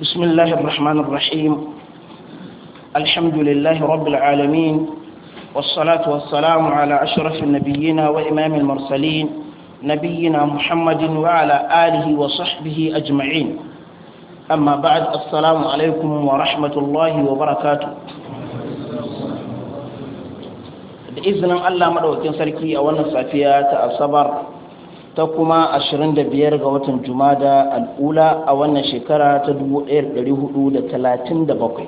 بسم الله الرحمن الرحيم الحمد لله رب العالمين والصلاة والسلام على أشرف النبيين وإمام المرسلين نبينا محمد وعلى آله وصحبه أجمعين أما بعد السلام عليكم ورحمة الله وبركاته بإذن الله مدوكين سركي أولا صافية الصبر ta kuma 25 ga watan jumada al'ula a wannan shekara ta 1437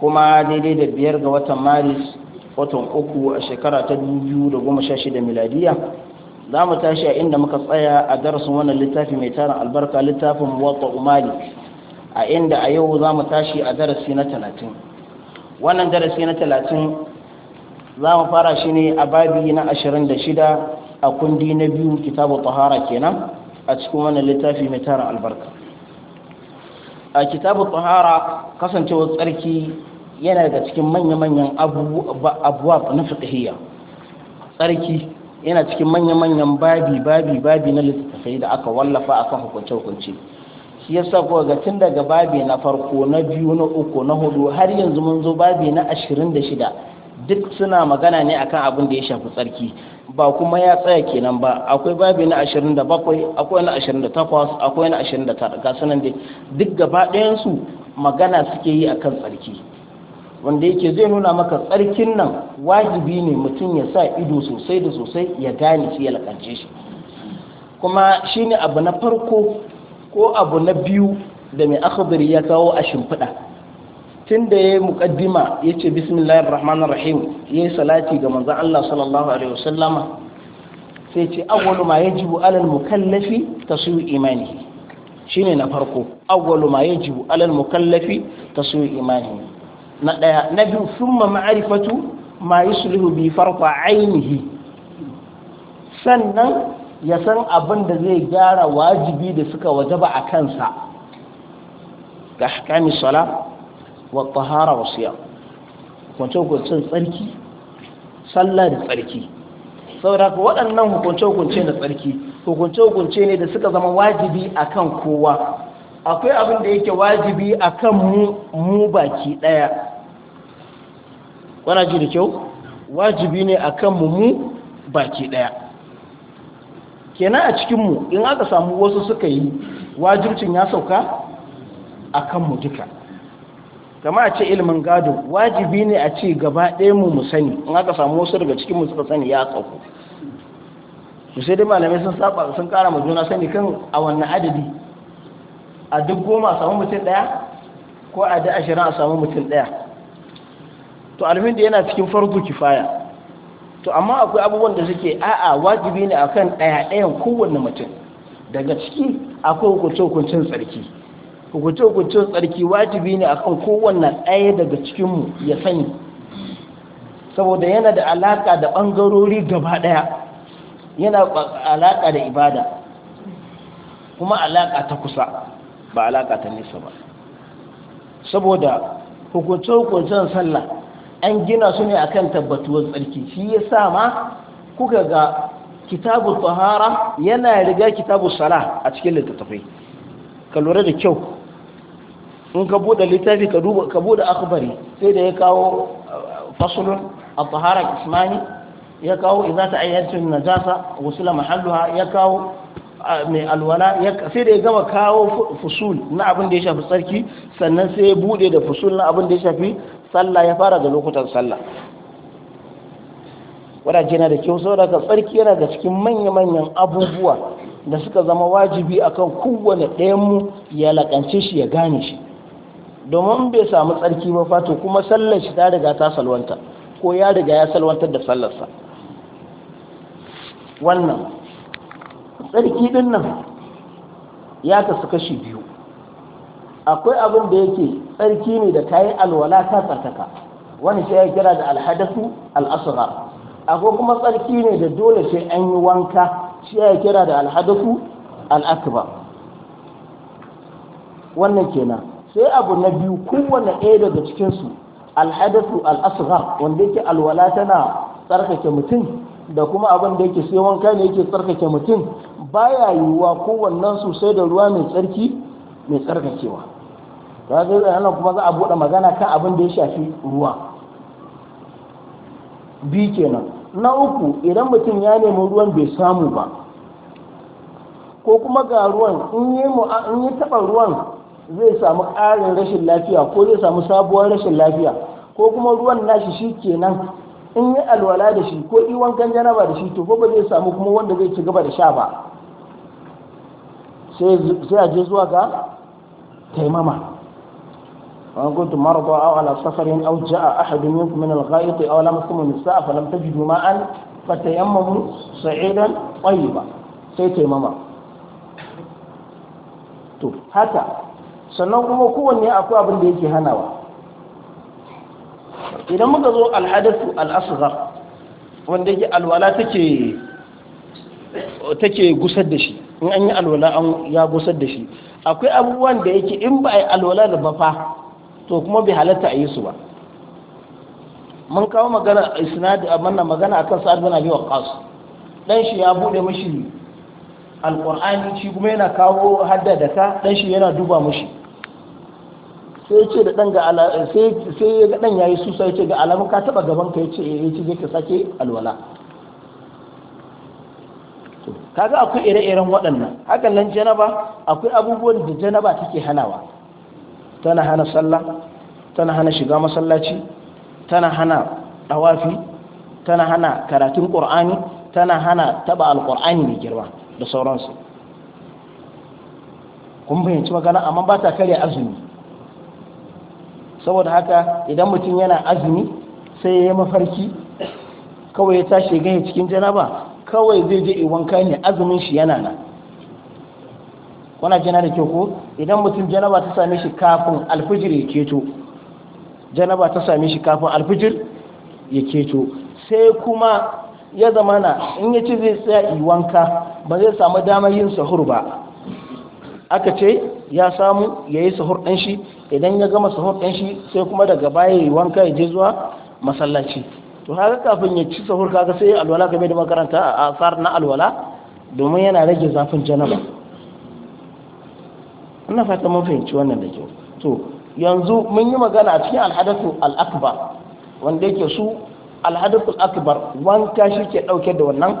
kuma daidai da biyar ga watan maris watan uku a shekara ta 2016 miladiya za mu tashi a inda muka tsaya a darasin wannan littafi mai tarin albarka littafin wata umari a inda a yau za mu tashi a darasi na 30 wannan darasi na 30 za mu fara shi ne a babi na 26 a kundi na biyu kitabu tahara kenan a cikin wannan littafi mai tara albarka a kitabu tahara kasancewar tsarki yana daga cikin manya-manyan abubuwa na fiƙihiyya tsarki yana cikin manya-manyan babi babi babi na littattafai da aka wallafa akan hukunce-hukunce shi yasa kuwa ga tun daga babi na farko na biyu na uku na hudu har yanzu mun zo babi na ashirin da shida duk suna magana ne akan abin da ya shafi tsarki ba kuma ya tsaya kenan ba akwai babi na 27 akwai na 28 akwai na 29 ga sanan dai duk gaba ɗayansu magana suke yi akan tsarki wanda yake zai nuna maka tsarkin nan wajibi ne mutum ya sa ido sosai da sosai ya gane shi ya lakance shi kuma shine abu na farko ko abu na biyu da mai akhbari ya kawo a shimfiɗa tun da ya muƙaddima ya ce bismillahir rahmanir rahim ya yi salati ga manzo Allah sallallahu alaihi wasallama sai ce awwalu ma yajibu alal mukallafi tasu imani shine na farko awwalu ma yajibu alal mukallafi tasu imani na daya na biyu thumma ma'rifatu ma yuslihu bi farqa ainihi sannan ya san abin da zai gyara wajibi da suka wajaba a kansa ga hakami sala wa tahara wa hukunce hukuncen tsarki sallah da tsarki saboda waɗannan hukunce hukunce da tsarki hukunce hukunce ne da suka zama wajibi akan kowa akwai abin da yake wajibi akan mu mu baki ɗaya wana ji da kyau wajibi ne akan mu mu baki ɗaya kenan a cikinmu in aka samu wasu suka yi wajibcin ya sauka a mu duka kama a ce ilimin gado wajibi ne a ce gaba ɗaya mu mu sani in aka samu wasu daga cikin musu sani ya tsako su sai dai malamai sun saba sun kara wa juna sani kan a wannan adadi a duk goma a samu mutum ɗaya ko a da ashirin a samu mutum ɗaya to almin da yana cikin farko kifaya to amma akwai abubuwan da suke a'a wajibi ne akan ɗaya ɗayan kowanne mutum daga ciki akwai hukuncin tsarki hukuce-hukucen tsarki wajibi ne a kan kowanne ɗaya daga cikinmu ya sani saboda yana da alaƙa da ɓangarori gaba ɗaya yana alaƙa da ibada kuma alaƙa ta kusa ba alaƙa ta nesa ba saboda hukuce-hukucen sallah an gina su ne akan tabbatuwar tsarki shi ya sa ma kuka ga kitabu tahara yana riga kitabu sala a cikin littattafai ka lura da kyau in ka bude littafi ka duba ka bude akhbari sai da ya kawo uh, fasulun at-tahara ismani ya kawo idza najasa ghusla mahalluha ya kawo uh, mai alwala sai da ya gama kawo fusul na abin da ya shafi tsarki sannan sai ya bude da fusul na abin da ya shafi sallah ya fara da lokutan sallah wadace na da kyau saboda tsarki yana ga cikin manya-manyan abubuwa da suka zama wajibi akan kowane mu ya laƙance shi ya gane shi domin bai samu tsarki ba fato kuma sallar shi ta riga ta salwanta ko ya riga ya salwantar da sallarsa wannan tsarki din nan ya kasu kashi biyu akwai abin da yake tsarki ne da ta yi alwala ta tsartaka wani shi ya kira da alhadasu al'asura akwai kuma tsarki ne da dole sai an yi wanka shi ya kira da alhadasu al'akbar wannan kenan sai abu na biyu kowane ɗaya daga cikinsu alhadasu al'asghar wanda yake alwala tana tsarkake mutum da kuma abin da yake sai wanka ne yake tsarkake mutum baya yiwuwa kowannen su sai da ruwa mai tsarki mai tsarkakewa ta zai zai kuma za a buɗe magana kan abin da ya shafi ruwa bi kenan na uku idan mutum ya nemi ruwan bai samu ba ko kuma ga ruwan in yi taɓa ruwan zai samu ƙarin rashin lafiya ko zai samu sabuwar rashin lafiya ko kuma ruwan nashi shi kenan in yi alwala da shi ko iwon ganjana ba da shi to ba zai samu kuma wanda zai ci gaba da sha ba sai a je zuwa ga taimama wani safarin a وأن كنتم مرضى أو على سفر أو جاء أحد منكم من الغائط أو ma an فلم تجدوا sa'idan ƙwayi ba sai taimama to haka sannan kuma kowanne akwai abin da yake hanawa idan muka zo alhadasu al'asghar wanda yake alwala take gusar da shi in an yi alwala ya gusar da shi akwai abubuwan da yake in ba a yi alwala da bafa fa to kuma bai halatta a yi su ba mun kawo magana isnadi a manna magana akan sa'ad bin abi waqqas dan shi ya bude mishi alqur'ani shi kuma yana kawo hadda da ka dan shi yana duba mishi sai ce da ɗan ga ala sai sai ga ɗan yayi susa ce ga alama ka taba gaban ka yace eh zai ka sake alwala kaga akwai ire-iren waɗannan hakan nan janaba akwai abubuwan da janaba take hanawa tana hana sallah tana hana shiga masallaci tana hana dawafi tana hana karatun qur'ani tana hana taɓa alqur'ani mai girma da sauransu kun bayyanci magana amma ba ta karya azumi saboda haka idan mutum yana azumi sai ya yi mafarki kawai ya tashi gani cikin janaba kawai zai je wanka ne azumin shi yana nan kuna jana da kyau ko idan mutum janaba ta same shi kafin alfijir ya keto janaba ta same shi kafin alfijir ya keto sai kuma ya zama na in ya ci zai tsaya yi wanka ba zai samu damar yin sahur ba aka ce ya samu ya yi sahur ɗan idan ya gama sahur ɗin shi sai kuma daga baya yi wanka ya je zuwa masallaci to haka kafin ya ci sahur kaga sai alwala game da makaranta a asar na alwala domin yana rage zafin janaba ina fata mun fahimci wannan da kyau to yanzu mun yi magana a cikin alhadathu al-akbar wanda yake su alhadathu al-akbar wanka shi ke dauke da wannan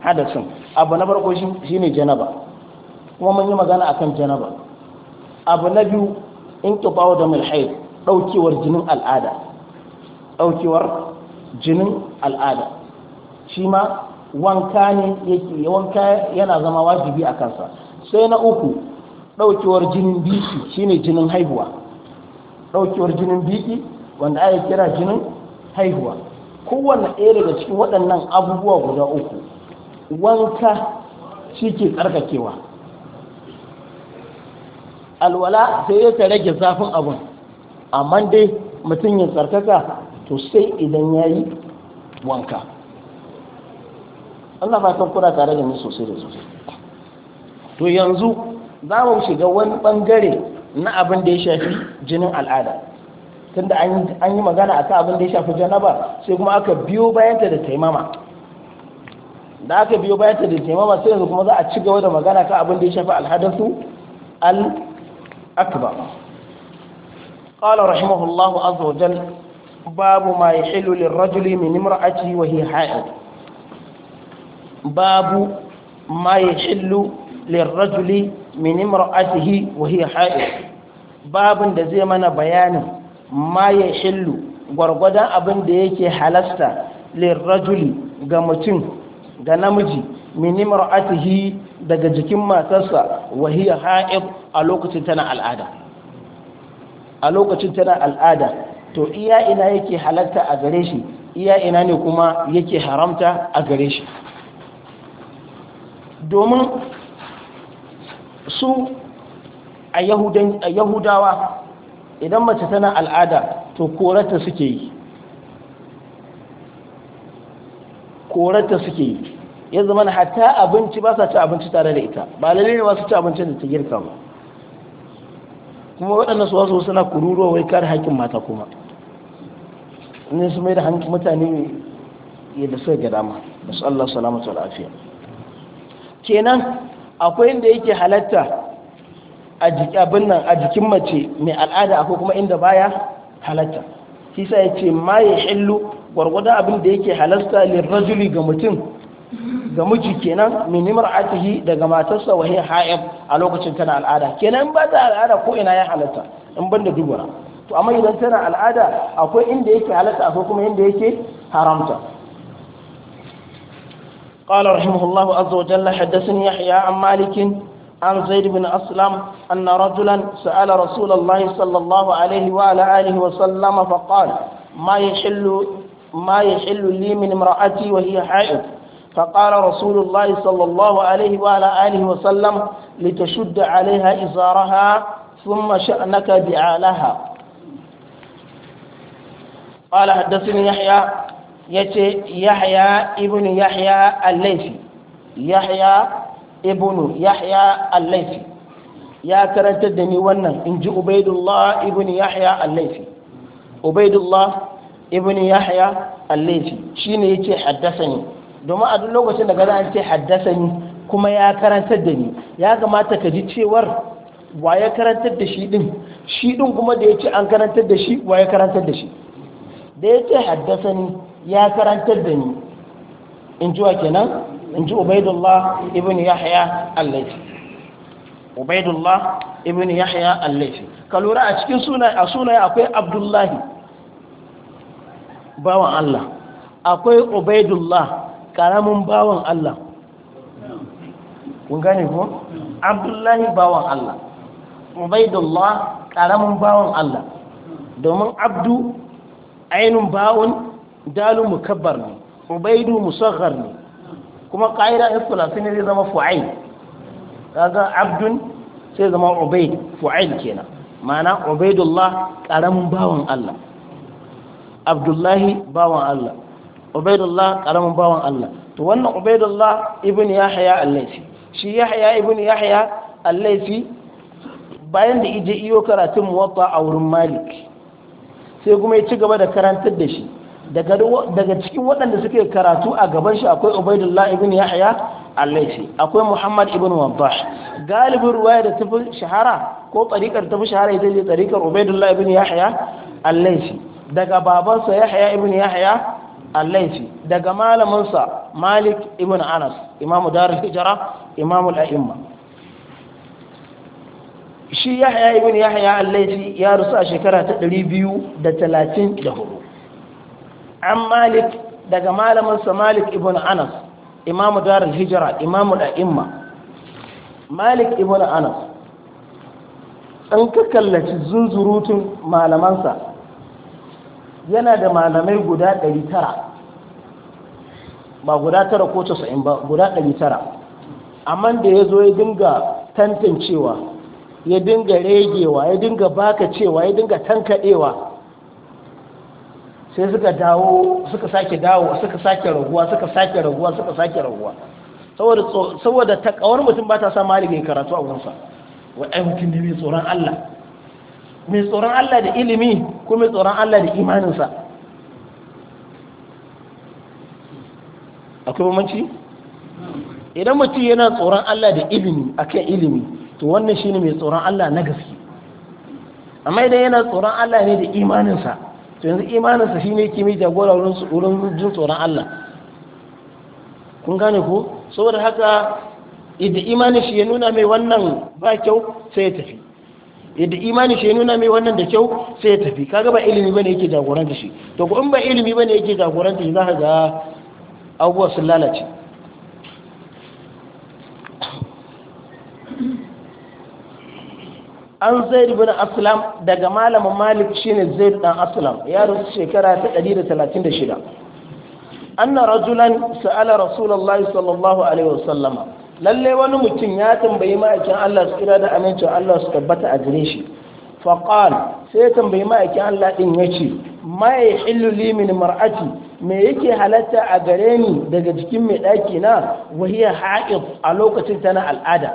hadasin abu na farko shine janaba kuma mun yi magana akan janaba abu na biyu in bawa da mulhaid daukewar jinin al'ada daukewar jinin al'ada shi ma wanka ne yake wanka yana zama wajibi a kansa sai na uku daukewar jinin biki shine jinin haihuwa daukewar jinin biki wanda ake kira jinin haihuwa kowane ɗaya daga cikin waɗannan abubuwa guda uku wanka shi ke tsarkakewa alwala sai ya ta rage zafin abun amma dai mutum ya tsarkaka to sai idan ya yi wanka Allah fatan kura tare da ni sosai da sosai to yanzu za mu shiga wani bangare na abin da ya shafi jinin al'ada tunda an yi magana a ta abin da ya shafi janaba sai kuma aka biyo bayanta da taimama da aka biyo bayanta da taimama sai yanzu kuma za a ci gaba da magana ka abin da ya shafi alhadasu al أكبر قال رحمه الله عز وجل باب ما يحل للرجل من امرأته وهي حائض باب ما يحل للرجل من امرأته وهي حائض باب da zai mana bayanin ma ya shillu gwargwadon abin da yake halasta lirajuli ga mutum ga namiji min imra'atihi daga jikin matarsa wahiya ha'ib a lokacin tana al'ada a lokacin tana al'ada to iya ina yake halatta a gare shi iya ina ne kuma yake haramta a gare shi domin su a yahudawa idan mace tana al'ada to korata suke yi korata suke yi ya zama hatta abinci ba sa ci abinci tare da ita ba lalle ne ba su ci abincin da ta girka ba kuma waɗannan su wasu suna kururuwa wai kare haƙƙin mata kuma ne su mai da hankali mutane da suka gada ma da su Allah salamatu wa lafiya kenan akwai inda yake halatta abin nan a jikin mace mai al'ada akwai kuma inda baya halatta shi sa ya ce ma ya hillu gwargwadon abin da yake halasta lirrajuli ga mutum ga miji kenan min imra'atihi daga matarsa wa hiya ha'ib a lokacin tana al'ada kenan ba ta al'ada ko ina ya halatta in banda dubura to amma idan tana al'ada akwai inda yake halatta akwai kuma inda yake haramta قال رحمه الله عز وجل حدثني يحيى عن مالك عن زيد بن أسلم أن رجلا سأل رسول الله صلى الله عليه وعلى آله وسلم فقال ما يحل ما يحل لي من امرأتي وهي حائض فقال رسول الله صلى الله عليه وعلى آله وسلم لتشد عليها إزارها ثم شأنك بعالها قال حدثني يحيى يتي يحيى ابن يحيى الليثي يحيى ابن يحيى الليثي يا كرنت دني wannan inji Ubaidullah ibn Yahya al-Laythi Ubaidullah ibn Yahya al-Laythi shine yace haddathani domin a duk lokacin da gada an ce haddasa ni kuma ya karantar da ni ya kamata ka ji cewar wa ya karantar da shi din shi din kuma da ya ce an karantar da shi wa ya karantar da shi da ya ce haddasa ni ya karantar da ni in ji wa kenan in ji ubaidullah ibn yahya Allaifi. ubaidullah ibn yahya Allaifi. ka lura a cikin sunaye a sunaye akwai abdullahi bawan allah akwai ubaidullah karamin bawan Allah kun gane ko abdullahi bawan Allah ubaidullah karamin bawan Allah domin abdu ainun bawun dalu mukabbar ne ubaidu musaghar ne kuma ƙa'ida istilafi ne zama fu'ail kaga abdun sai zama ubaid fu'ail kenan ma'ana ubaidullah karamin bawan Allah abdullahi bawan Allah ubaidullah karamin bawan Allah to wannan ubaidullah ibn yahya al-laisi shi yahya ibn yahya al-laisi bayan da ije iyo karatun muwatta a wurin malik sai kuma ya ci gaba da karantar da shi daga cikin waɗanda suke karatu a gaban shi akwai ubaidullah ibn yahya al-laisi akwai muhammad ibn wadah galibin ruwaya da tafi shahara ko tsarikar tafi shahara ita ce tsarikar ubaidullah ibn yahya al-laisi daga babansa yahya ibn yahya al-laifi daga malaminsa malik ibn anas imamu darul hijra imamu al-a'imma shi yahya ibn yahya al-laifi ya rusu a shekara ta 234 an malik daga malaminsa malik ibn anas imamu darul hijra imamu al-a'imma malik ibn anas an ka kallaci zunzurutun malamansa yana da malamai guda 900 ba guda tara ko 90 ba guda 900 amma da ya zo ya dinga tantancewa ya dinga regewa ya dinga baka cewa ya dinga tankaɗewa sai suka dawo suka sake dawo suka sake raguwa suka sake raguwa suka sake raguwa saboda saboda takawar mutum ba ta sa malami karatu a wunsa wa ai mutum ne mai tsoron Allah mai tsoron Allah da ilimi kuma tsoron Allah da imaninsa akwai mamanci? idan mutum yana tsoron Allah da ilimi akan ilimi to wannan shine mai tsoron Allah na gaske amma idan yana tsoron Allah ne da imaninsa to yanzu imaninsa shi ne kimi jagora wurin jin tsoron Allah kun gane ko saboda haka idan imanin shi ya nuna mai wannan ba kyau sai ya tafi yadda imani shi nuna mai wannan da kyau sai ya tafi kaga ba ilimi bane yake jagoranta shi to ko in ba ilimi bane yake jagoranta shi zaka ga abuwa sun lalace an zaid na aslam daga malamin malik shine zaid dan aslam ya rusu shekara ta 136 anna rajulan sa'ala rasulullahi sallallahu alaihi wasallama lalle wani mutum ya tambayi ma'aikin Allah su kira da amincin Allah su tabbata a gare shi faqal sai tambayi ma'aikin Allah din yace ma yahillu li min mar'ati me yake halatta a gare ni daga jikin mai daki na wahiya ha'id a lokacin tana al'ada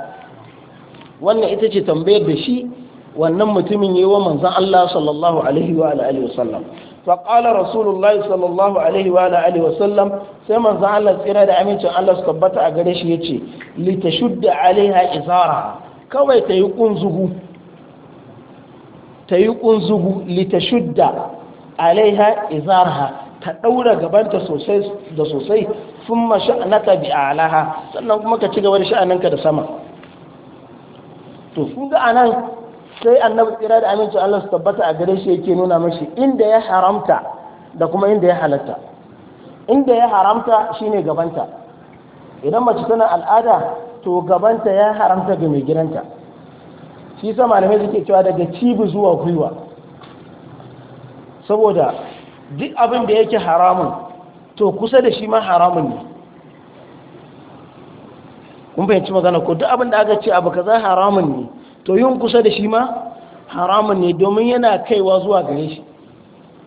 wannan ita ce tambayar da shi wannan mutumin yi wa manzon Allah sallallahu alaihi wa alihi wasallam faƙalar rasulullahi sallallahu alaihi wa alihi wa sallam sai manzon Allah tsira da amincin Allah su tabbata a gare shi yace li tashudda alaiha izara kawai ta yi kunzugu ta yi kunzugu li tashudda alaiha izara ta daura gabanta sosai da sosai thumma sha'naka bi sannan kuma ka ci gaba da sha'ananka da sama to kun ga anan sai annabi tsira da Aminci Allah su tabbata a gare shi yake nuna mashi inda ya haramta da kuma inda ya halatta inda ya haramta shine gabanta idan mace tana al'ada to gabanta ya haramta ga mai gidanta shi sa malamai suke cewa daga cibi zuwa gwiwa saboda duk abin da yake haramun to kusa da shi ma haramun ne kun fahimci magana ko duk abin da aka ce abu kaza haramun ne to yin kusa da shi ma haramun ne domin yana kaiwa zuwa gare shi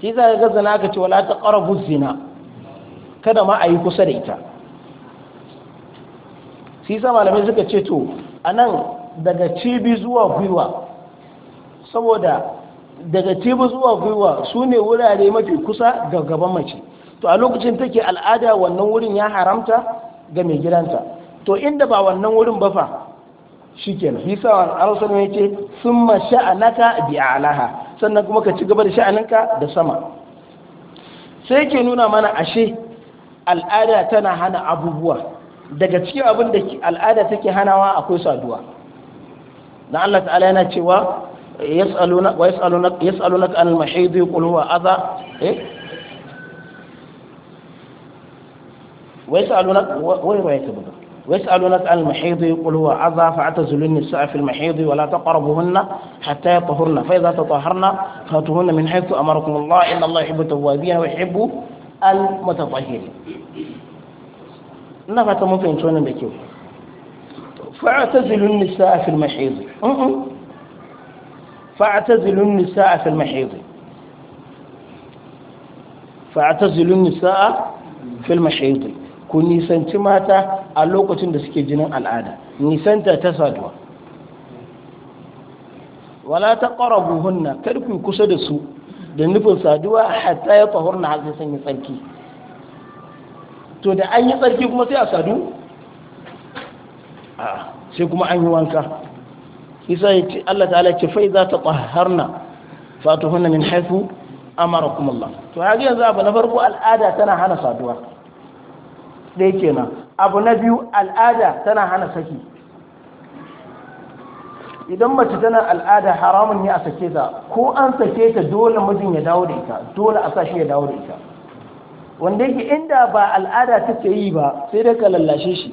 shi za ga zina aka ce wala ta ƙara zina kada ma a yi kusa da ita shi sa malamai suka ce to a nan daga cibi zuwa gwiwa saboda daga cibi zuwa gwiwa su ne wurare mafi kusa ga gaban mace to a lokacin take al'ada wannan wurin ya haramta ga mai gidanta to inda ba wannan wurin ba fa shikenan sawa a arsal ne yace summa sha'anaka bi alaha sannan kuma ka ci gaba da sha'aninka da sama sai ke nuna mana ashe al'ada tana hana abubuwa daga cikin abin da al'ada take hanawa akwai saduwa na Allah ta'ala yana cewa yas'aluna wa yas'aluna yas'alunaka anil mahid qul huwa adha eh wa yas'alunaka wa ta yas'alunaka ويسألونك عن المحيض يقول هو عذا فاعتزلوا النساء في المحيض ولا تقربوهن حتى يطهرن فإذا تطهرن فاتوهن من حيث أمركم الله إن الله يحب التوابين ويحب المتطهرين ina fata في fahimci فاعتزلوا النساء في المحيض فاعتزلوا النساء في المحيض nisaa fil mahid fa'tazilun nisaa fil a lokacin da suke jinin al'ada nisanta ta saduwa wala ta ƙarabu hunna karfi kusa da su da nufin saduwa hatta ya fahor na hasi sanyi tsarki to da an yi tsarki kuma sai a sadu sai kuma an yi wanka isa ya ce allah ta'ala ce fai za ta ƙwaharna hunna min haifu kuma Allah to haka yanzu abu na farko al'ada tana hana saduwa ɗaya kenan abu na biyu al'ada tana hana saki idan mace tana al'ada haramun ne a sake ta ko an sake ta dole mijin ya dawo da ita dole a sa shi ya dawo da ita wanda yake inda ba al'ada take yi ba sai dai ka lallashe shi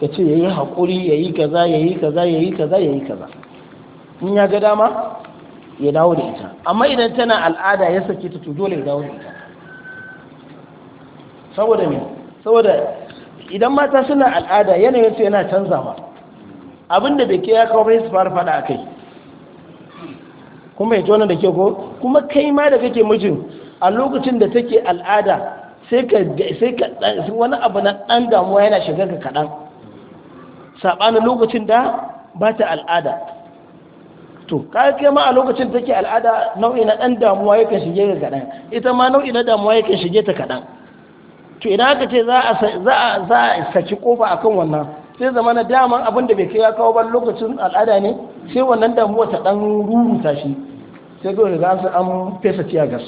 ka ce ya yi haƙuri ya yi kaza ya yi kaza ya yi kaza ya yi kaza in ya ga dama ya dawo da ita amma idan tana al'ada ya sake ta to dole ya dawo da ita saboda me saboda idan mata suna al'ada yanayin su yana canzawa abinda bai ke ya kawo mai su fara fada a kai kuma ya tona da ke ko kuma kai ma da kake mijin a lokacin da take al'ada sai ka wani abu na ɗan damuwa yana shiga ka kaɗan saɓanin lokacin da ba ta al'ada to kai kai ma a lokacin take al'ada nau'i na ɗan damuwa kan shige ka kaɗan ita ma nau'i na damuwa kan shige ta kaɗan to idan aka ce za a saki kofa akan wannan sai zama na daman abin da bai kai ya kawo ba lokacin al'ada ne sai wannan damuwa ta dan rubuta shi sai dole za su an fesa tiya gas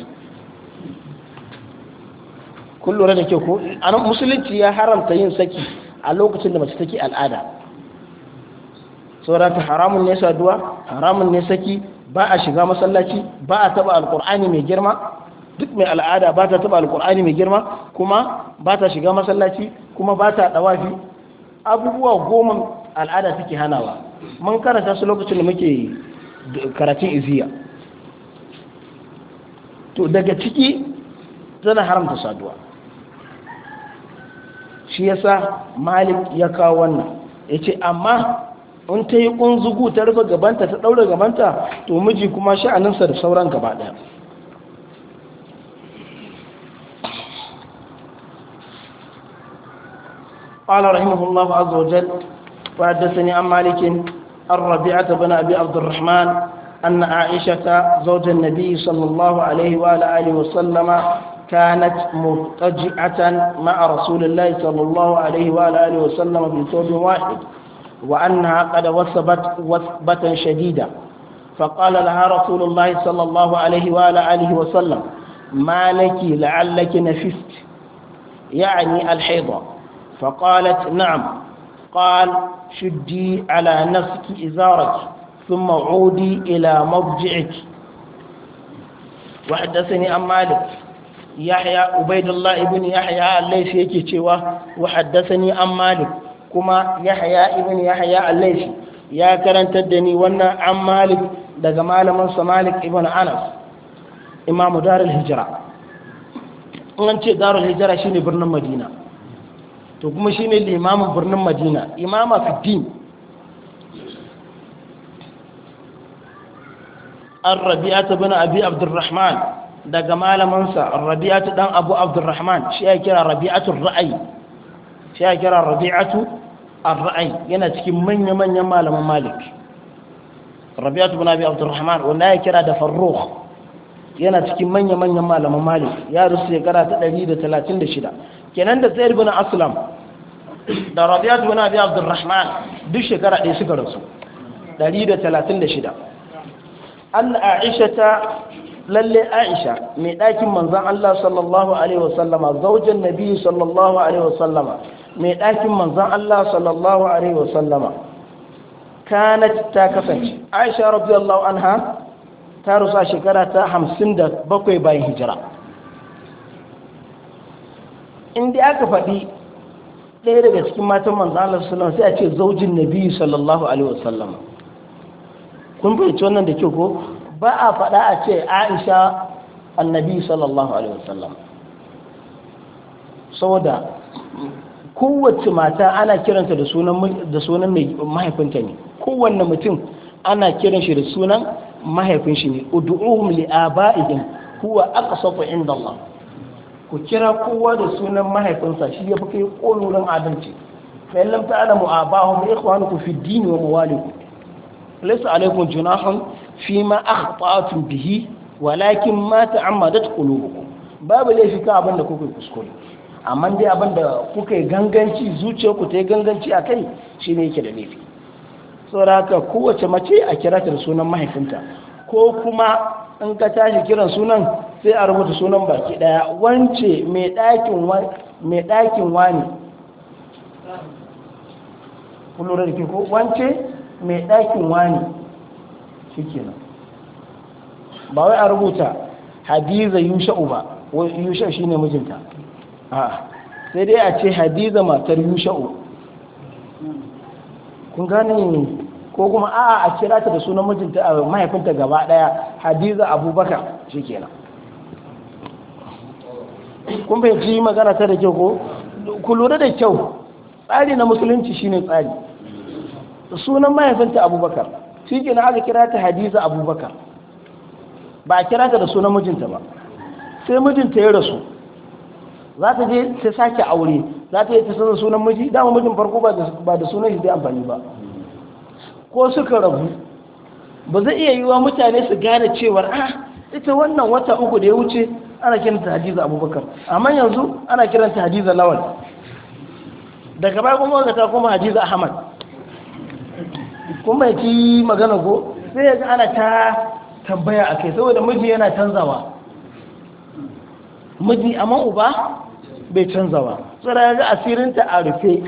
kun lura da ke ko an musulunci ya haramta yin saki a lokacin da mace take al'ada saboda haramun ne saduwa haramun ne saki ba a shiga masallaci ba a taba alkur'ani mai girma duk mai al'ada ba ta taba alkur'ani mai girma kuma ba ta shiga masallaci kuma ba ta dawafi abubuwa goma al'ada take hanawa mun karanta su lokacin da muke karatun iziya to daga ciki tana haramta saduwa shi yasa malik ya kawo wannan ya ce amma in ta yi ƙunzugu ta rufe gabanta ta ɗaura gabanta to miji kuma sha'aninsa da sauran gaba ɗaya قال رحمه الله عز وجل وحدثني عن مالك الربيعة بن أبي عبد الرحمن أن عائشة زوج النبي صلى الله عليه وآله آله وسلم كانت مرتجعة مع رسول الله صلى الله عليه وآله آله وسلم في ثوب واحد وأنها قد وثبت وثبة شديدة فقال لها رسول الله صلى الله عليه وآله آله وسلم ما لك لعلك نفست يعني الحيضة فقالت نعم قال شدي على نفسك إزارك ثم عودي إلى مضجعك وحدثني عن مالك يحيى عبيد الله بن يحيى الليثي yake cewa wa haddathani an malik kuma yahya ibn yahya al ya karantar da ni an malik daga malamin sa malik ibn anas imamu darul hijra in ce shine birnin madina to kuma shi ne limamin birnin madina imama fiddin ar-rabi'atu bin abi abdurrahman daga malamansa ar ta dan abu abdurrahman shi ya kira rabi'atu ra'ayi shi ya kira rabi'atu ar-ra'ayi yana cikin manya-manyan malaman malik rabi'atu bin abi abdurrahman wanda ya kira da farrukh yana cikin manya-manyan malaman malik ya rusu shekara ta 136 kenan da zaid bin aslam da rabi'at bin abi abdurrahman duk shekara ɗaya suka rasu 136 an aisha ta lalle aisha mai ɗakin manzan Allah sallallahu alaihi wasallama zaujen nabi sallallahu alaihi wasallama mai ɗakin manzan Allah sallallahu alaihi wasallama kanat ta kasance aisha radiyallahu anha ta rusa shekara ta 57 bayan hijira in dai aka faɗi ɗaya daga cikin matan manzan Allah sallallahu sai a ce zaujin nabi sallallahu alaihi wasallam kun fahimci wannan da kyau ko ba a faɗa a ce Aisha annabi sallallahu alaihi wasallam saboda kowace mata ana kiranta da sunan da sunan mahaifinta ne kowanne mutum ana kiran shi da sunan mahaifin shi ne ud'uhum li aba'ihim huwa aqsafu inda Allah ku kira kowa da sunan mahaifinsa shi ya fi kai ƙolurin adalci fa lam ta'lamu abahum ikhwanukum fi ad-din wa mawalikum laysa alaykum junahun fi ma akhta'tum bihi walakin ma ta'ammadat qulubukum babu laifi ka abin da kuka kuskure amma dai abin da kuka yi ganganci zuciyarku ta yi ganganci a kai shine yake da laifi saboda haka kowace mace a kira ta da sunan mahaifinta ko kuma in ka tashi kiran sunan sai a rubuta sunan baki daya wance mai ɗakin wani kullum da ke ko wance mai ɗakin wani shi kenan ba wai a rubuta hadiza yusha'u ba yusha'u shi ne mijinta sai dai a ce hadiza matar yusha'u kun gane ko kuma a'a a kira ta da sunan mijinta a mahaifinta gaba daya hadiza abubakar shikenan kun bai ji magana ta da kyau ko ku lura da kyau tsari na musulunci shine tsari sunan mahaifinta abubakar shikenan aka kira ta hadiza abubakar ba a kira ta da sunan mijinta ba sai mijinta ya rasu za ta je ta sake aure za ta yi ta sanar sunan miji dama mijin farko ba da sunan shi zai amfani ba ko suka rabu ba zai iya yi wa mutane su gane cewar a ah, ita wannan wata uku da ya wuce ana kiranta hadiza abubakar amma yanzu ana kiranta hadiza lawal daga baya kuma wanda ta kuma hadiza ahmad kuma ya ci magana ko sai ya ana ta tambaya a kai saboda miji yana canzawa miji amma uba bai canzawa tsara ya ga asirinta a rufe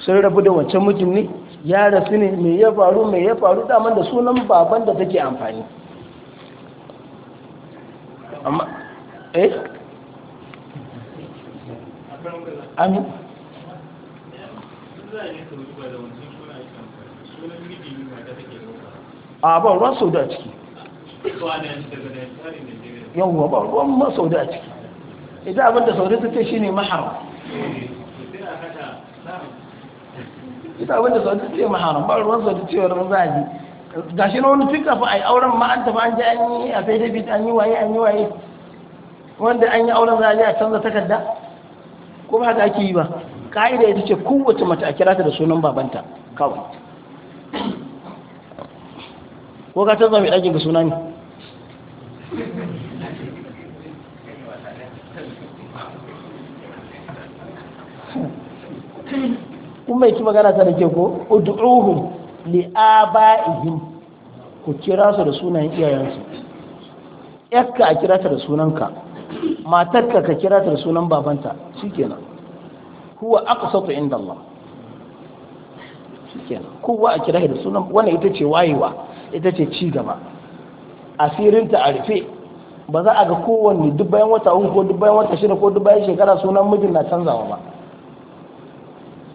sun rabu da wancan mijin ne ya rasu ne me ya faru me ya faru daman da sunan baban da take amfani amma eh amin a ba ruwan sau da ciki yau ba ruwan masau da ciki idan abinda da ta ce shi ne mahara ita abin da sauti ce maharam ba ruwan sauti cewar mazaji ga shi na wani tun kafin a yi auren ma an tafi an ji an yi a fai david an yi waye an yi waye wanda an yi auren zaje a canza takarda ko ba haka ake yi ba ka'ida ita ce kowace mace a kira ta da sunan babanta kawai ko ka canza mai ɗakin ga suna ne mai ci magana ta da ke ko ud'uhum li aba'ihim ku kira su da sunayen iyayensu yakka a kira ta da sunanka matarka ka kira ta da sunan babanta shikenan huwa aqsatu inda Allah shikenan kowa a kira da sunan wannan ita ce wayewa ita ce ci gaba asirinta a rufe ba za a ga kowanne duk bayan wata uku ko duk bayan wata shida ko duk bayan shekara sunan mijin na canzawa ba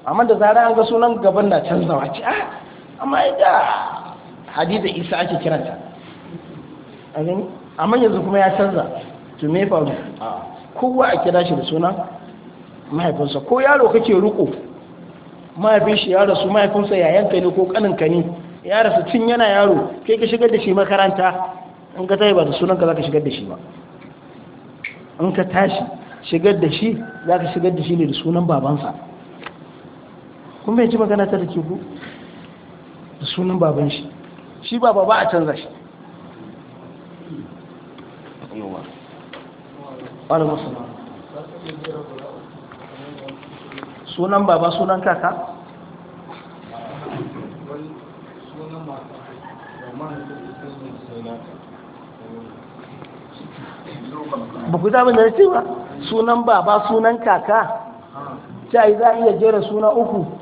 amma da zara an ga sunan gaban na canzawa ce ah amma da hadiza isa ake kiranta a gani amma yanzu kuma ya canza to me faru kowa a kira shi da sunan mahaifinsa ko yaro kake ruko mahaifin shi ya rasu mahaifinsa yayanka ne ko kaninka ne ya rasu tun yana yaro kai ka shigar da shi makaranta in ka tashi ba da sunan ka za ka shigar da shi ba in ka tashi shigar da shi za ka shigar da shi ne da sunan babansa Kuma bai ci magana ta da ke ku da sunan baban shi shi ba ba a canza shi sunan baba sunan kaka ba ku zaɓin da ya ce ba sunan baba sunan kaka ta yi za a iya jera suna uku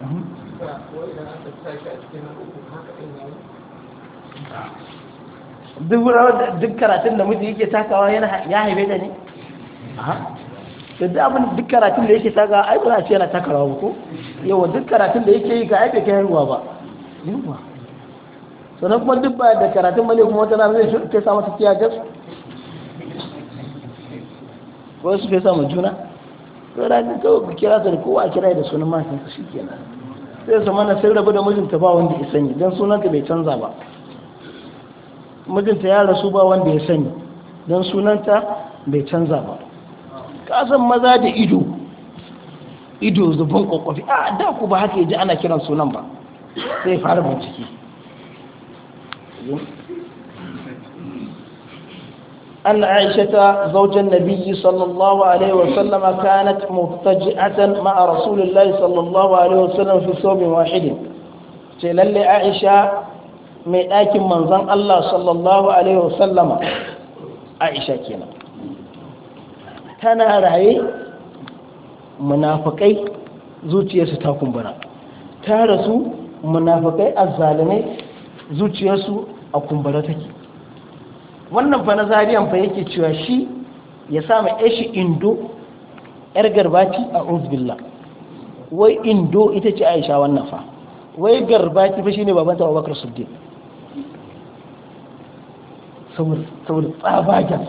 duk karatun da mutum yake takawa yana ya haife ta ne da damin duk karatun da yake takawa ai ba ce yana takawa ba ko yawa duk karatun da yake yi ka aibe kai haihuwa ba yawa sannan kuma duk ba da karatun bane kuma wata rana zai sa masa tiyagas ko su ke sa juna to ranar kawai ku kira ta da kowa kira da sunan mahaifinsa shi kenan sai su mana sai rabu da mijinta ba wanda ya sani don sunanta bai canza ba mijinta ya rasu ba wanda ya sani don sunanta bai canza ba kasan maza da ido ido zubin kwakwafi a da ku ba haka yaji ana kiran sunan ba sai fara bincike أن عائشة زوج النبي صلى الله عليه وسلم كانت مفتجعة مع رسول الله صلى الله عليه وسلم في صوم واحد تلل عائشة من أكن منظم الله صلى الله عليه وسلم عائشة كنا تنا رأي منافقي زوجي ستاكم بنا تارسو منافقي الظالمي زوجي سو أكم بنا تكي wannan fa na zariyan fa yake cewa shi ya sa ma ishi indo yar garbati a uzbillah wai indo ita ce aisha wannan fa wai garbati fa shine babanta abubakar siddiq saboda tsabagen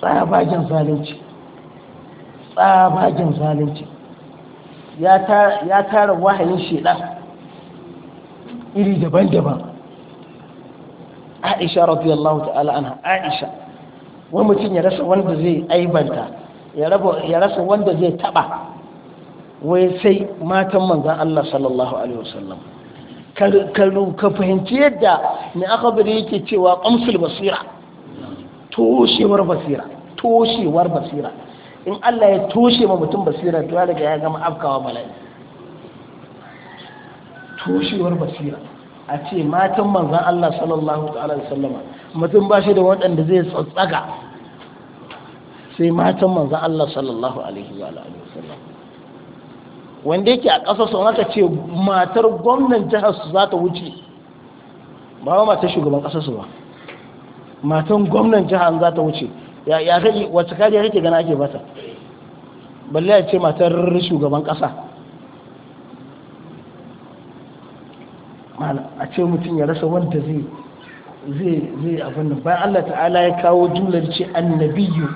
tsabagen zalunci tsabagen zalunci ya tara wahayin shida iri daban-daban aisha radiyallahu ta'ala anha aisha wani mutum ya rasa wanda zai aibanta ya rasa wanda zai taba wai sai matan manzan Allah sallallahu alaihi wasallam ka fahimci yadda mai akabari yake cewa kamsul basira toshewar basira toshewar basira in Allah ya toshe ma mutum basira to ya daga ya gama afkawa bala'i toshewar basira a ce matan manzan Allah sallallahu ta'ala sallama mutum ba shi da waɗanda zai tsatsaka sai matan manzan Allah sallallahu alaihi wa alihi sallam wanda yake a ƙasa sun haka ce matar gwamnan jihar su za ta wuce ba ma matar shugaban ƙasa su ba matan gwamnan jihar za ta wuce ya kai wacce kariya kake gana ake bata balle ya ce matar shugaban ƙasa a ce mutum ya rasa wanda zai zai abin da bayan Allah ta'ala ya kawo jumlar ce annabiyu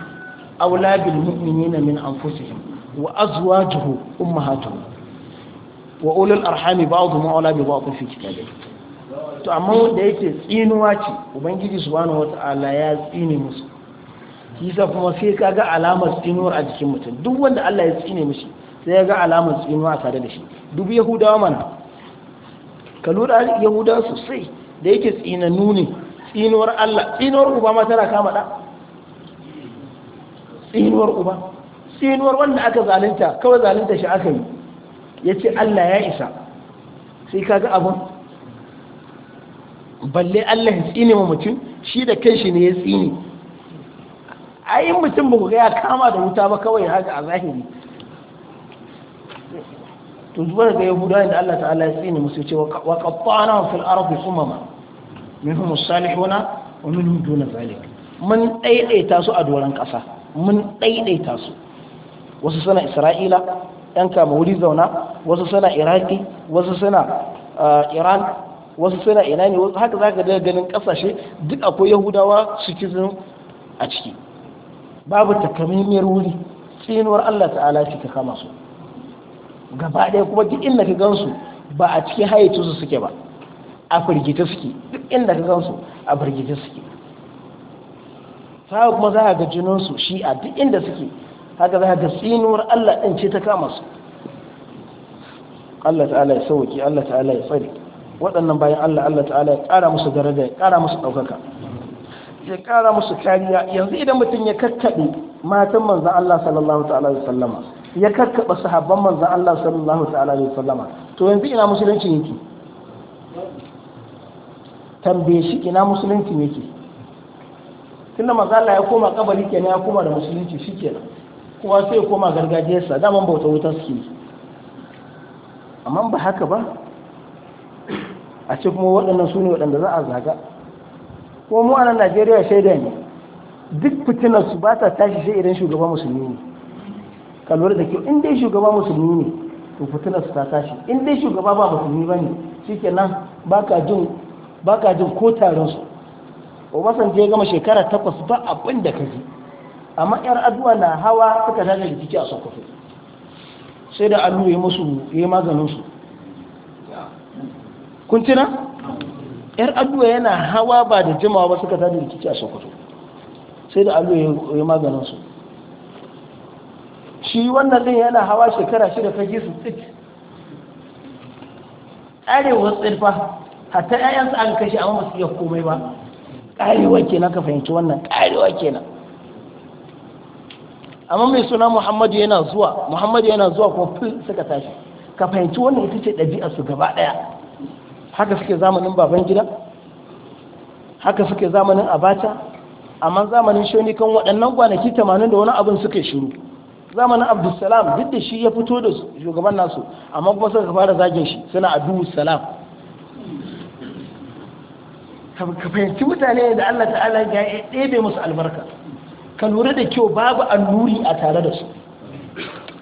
aula bil na min anfusihim wa azwajuhu ummahatuhum wa ulul arhami ba'dhum aula bi ba'd fi to amma wanda yake tsinuwa ce ubangiji subhanahu wata'ala ya tsine musu kisa kuma sai ka ga alamar tsinuwar a jikin mutum duk wanda Allah ya tsine mishi sai ya ga alamar tsinuwa tare da shi duk yahudawa mana ka lura yahuda sosai da yake tsina nuni tsinuwar Allah tsinuwar uba ma tana kama da tsinuwar uba tsinuwar wanda aka zalunta kawai zalunta shi aka yi Ya ce Allah ya isa sai kaga abin balle Allah ya tsine ma mutum shi da kanshi ne ya tsine ayin mutum ba ku ga ya kama da wuta ba kawai haka a zahiri to zuwa ga yahudawa da Allah ta'ala ya tsine musu ce wa qattana fil ardi umama minhum salihuna wa minhum duna zalik mun daidaita su a doran kasa mun daidaita su wasu suna isra'ila yan kama wuri zauna wasu suna iraki wasu suna uh, iran wasu suna ina ne haka za ka daga ganin kasashe duk akwai yahudawa sikizin a ciki babu takamaimiyar wuri tsinuwar allah ta'ala ce ta kama su gaba ɗaya kuma duk inda ka gansu ba a cikin hayyacin su suke ba a firgita suke duk inda ka gansu a firgita suke sa'a kuma za a ga jininsu shi a duk inda suke haka za a ga tsinuwar Allah ɗin ce ta kama su Allah ta'ala ya sauki Allah ta'ala ya tsari waɗannan bayan Allah Allah ta'ala ya ƙara musu daraja ya ƙara musu ɗaukaka ya ƙara musu kariya yanzu idan mutum ya kakkaɓe matan manzan Allah sallallahu ta'ala da sallama ya karkaba sahabban manzan Allah sallallahu ta'ala alaihi wasallama to yanzu ina musulunci yake tambaye shi ina musulunci yake tunda manzo Allah ya koma kabari kenan ya koma da musulunci shikenan kowa sai ya koma gargajiyarsa man bauta wutar suke amma ba haka ba a ce kuma waɗannan su ne waɗanda za a zaga kuma mu a nan Najeriya shaida ne duk fitinar su ba ta tashi sai idan shugaban musulmi ne kalwar da kyau in dai shugaba musulmi ne to fitilar su ta tashi in dai shugaba ba musulmi ba ne shikenan baka jin ka jin ko taron su Obasanjo ya gama shekara takwas ba abin da ka ji amma yar addu'a na hawa suka tashi rikici a sokoto sai da allu ya musu ya maganin su kun tuna yar addu'a yana hawa ba da jimawa ba suka tashi rikici a sokoto sai da allu ya maganin su shi wannan din yana hawa shekara shida ta gisu tsit arewa tsirfa hatta ƴaƴansu an kashe amma ba su iya komai ba karewa kenan ka fahimci wannan karewa kenan amma mai suna muhammadu yana zuwa muhammadu yana zuwa kuma fil suka tashi ka fahimci wannan ita ce ɗabi'a su gaba ɗaya haka suke zamanin baban gida haka suke zamanin abacha amma zamanin shoni kan waɗannan kwanaki tamanin da wani abin suke shiru zamanin abdulsalam duk da shi ya fito da shugaban nasu amma kuma suka fara zagin shi suna abdulsalam ka fahimci mutane da Allah ta'ala ya ɗebe musu albarka ka lura da kyau babu annuri a tare da su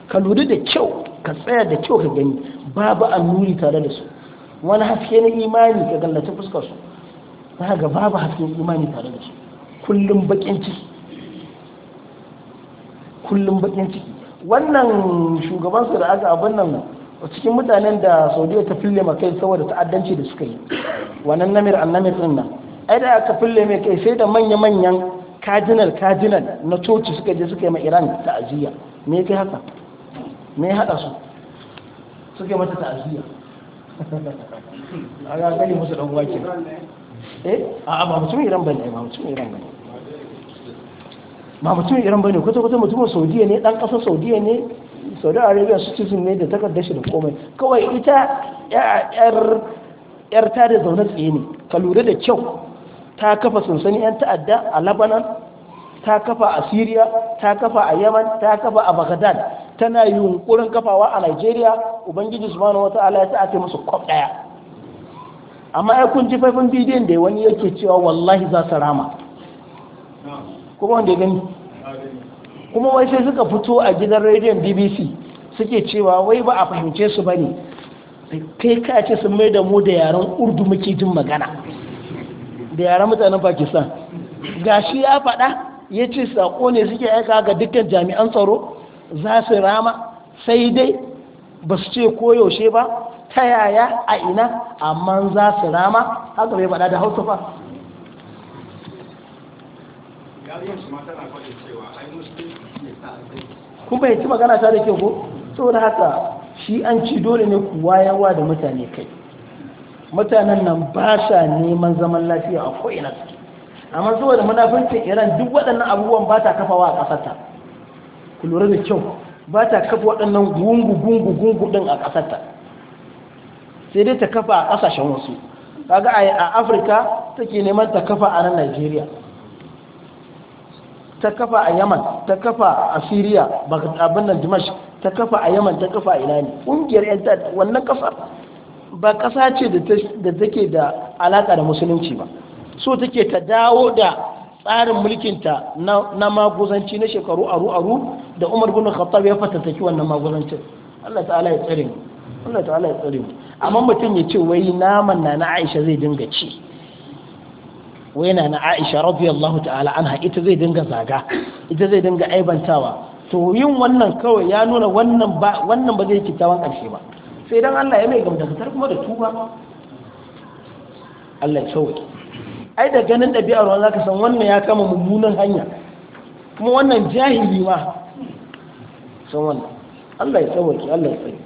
ka lura da kyau ka tsaya da kyau ka gani babu annuri tare da su wani haske na imani ka gallata fuskar su za ga babu haske imani tare da su kullum bakin ciki kullum bakin ciki wannan shugaban su da aka abin nan cikin mutanen da saudiya ta fille ma kai saboda ta'addanci da suka yi wannan namir annamir din nan ai da aka fille mai kai sai da manya-manyan kajinal kajinal na coci suka je suka yi ma iran ta'aziyya me kai haka me hada su suka yi mata ta'aziyya a ga gani musu dan wake eh a ba mutum iran bane ba mutum iran bane Ma mutum iran bane kwata kwata mutumin saudiya ne dan kasar saudiya ne saudi arabia su cikin ne da takardar shi da komai kawai ita yar ta da zaune tsaye ne ka lura da kyau ta kafa sunsani yan ta'adda a labanan ta kafa a syria ta kafa a yaman ta kafa a baghdad tana yunkurin kafawa a nigeria ubangiji su wata ala ya ake musu kwab daya amma ya kun ji faifin bidiyon da wani yake cewa wallahi za su rama kuma wanda ya gani kuma wai sai suka fito a gidan rediyon bbc suke cewa wai ba a fahimce su ba ne kai ka ce sun mai da mu da yaren urdu muke jin magana da yaren mutanen pakistan gashi ya faɗa ya ce saƙo ne suke aika ga dukkan jami'an tsaro za su rama sai dai ba su ce koyaushe ba ta yaya a ina amma za su rama haka bai faɗa da hausa fa kun bayyanci magana ta da kyau ko saboda haka shi an ci dole ne ku wayawa da mutane kai mutanen nan ba sa neman zaman lafiya a ko'ina suke amma saboda munafincin iran duk waɗannan abubuwan ba ta kafawa a ƙasarta ku lura da kyau ba ta kafa waɗannan gungu-gungu-gungu ɗin a ƙasarta sai dai ta kafa a ƙasashen wasu kaga a afirka take neman ta kafa a nan najeriya ta kafa a yaman ta kafa a syria abin nan dimash ta kafa a yaman ta kafa a ina ne ƙungiyar yan wannan ƙasar ba ƙasa ce da take da alaƙa da musulunci ba so take ta dawo da tsarin mulkinta na maguzanci na shekaru aru aru da umar bin khattab ya fatattaki wannan maguzancin Allah ta'ala ya Allah ta'ala ya tsare mu amma mutum ya ce wai naman na na Aisha zai dinga ci wai yana na Aisha radiyallahu ta'ala anha ita zai dinga zaga ita zai dinga aibantawa to yin wannan kawai ya nuna wannan ba wannan ba zai kyakkyawan karshe ba sai dan Allah ya mai gamdakatar kuma da tuba Allah ya sauke ai da ganin dabi'ar wannan zaka san wannan ya kama mummunan hanya kuma wannan jahili ma san wannan Allah ya sauke Allah ya sauke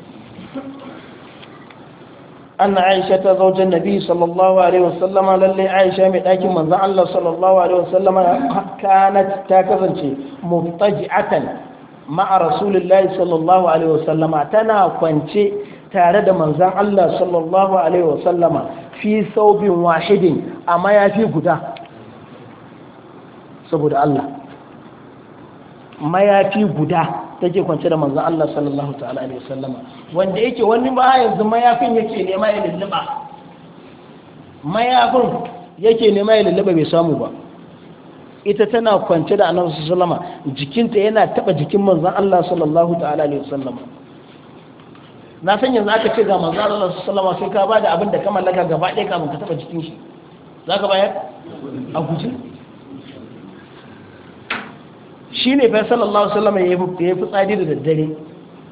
أن عائشة زوج النبي صلى الله عليه وسلم للي عائشة من أكيم من الله صلى الله عليه وسلم كانت تاكفنشي مضطجعة مع رسول الله صلى الله عليه وسلم تنا كونشي تارد من الله صلى الله عليه وسلم في ثوب واحد أما يفي قدا سبود الله ما يفي قدا take kwance da manzon Allah sallallahu ta'ala alaihi wasallama wanda yake wani ba yanzu mayafin yake nema ya lulluba mayafin yake nema ya lulluba bai samu ba ita tana kwance da annabi sallama jikinta yana taba jikin manzon Allah sallallahu ta'ala alaihi wasallama na san yanzu aka ce ga manzon Allah wasallama sai ka bada abin da ka mallaka gaba ɗaya kafin ka taba jikin shi zaka bayar a guji shi ne fa sallallahu alaihi ya yi fitsari da daddare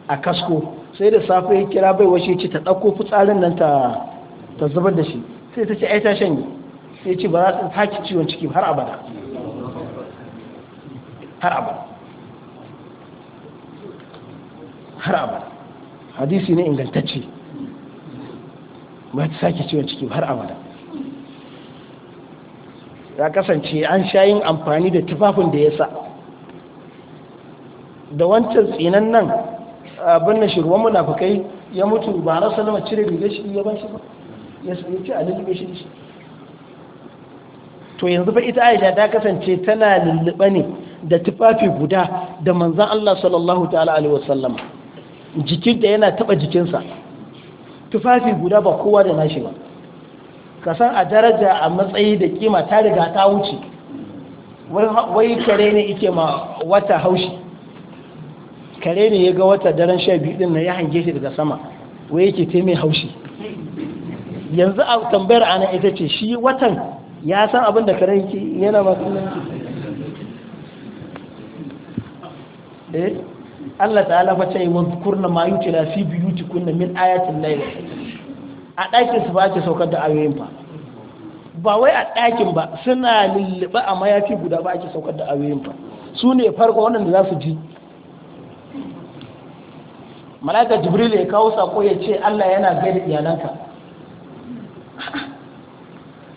a kasko sai da safe ya kira bai washe ce ta ɗauko fitsarin nan ta zubar da shi sai ta ce ai ta shanye sai ce ba za ta taki ciwon ciki har abada har abada har abada hadisi ne ingantacce ba ta sake ciwon ciki har abada ya kasance an sha yin amfani da tufafin da ya sa da wancan tsinan nan abin na shirwan munafukai ya mutu ba na salama cire rigar shi ya ba shi ba ya sami ce a lullube shi shi to yanzu fa ita aisha ta kasance tana lullube ne da tufafi guda da manzan Allah sallallahu ta'ala alaihi wasallam jikin da yana taba jikinsa tufafi guda ba kowa da nashi ba ka san a daraja a matsayi da kima ta riga ta wuce wai kare ne ike ma wata haushi kare ne ya ga wata daren sha biyu din na ya hange shi daga sama wai yake ta mai haushi yanzu a tambayar ana ita ce shi watan ya san abin da kare yake yana masu eh Allah ta'ala fa ce wa kurna ma yutila fi na min ayatin laila a ɗakin su ba ce saukar da ayoyin ba ba wai a ɗakin ba suna lullube a mayafi guda ba ake saukar da ayoyin ba su ne farko waɗanda za su ji malaka jibril ya kawo sako ya ce Allah yana gaida iyalanka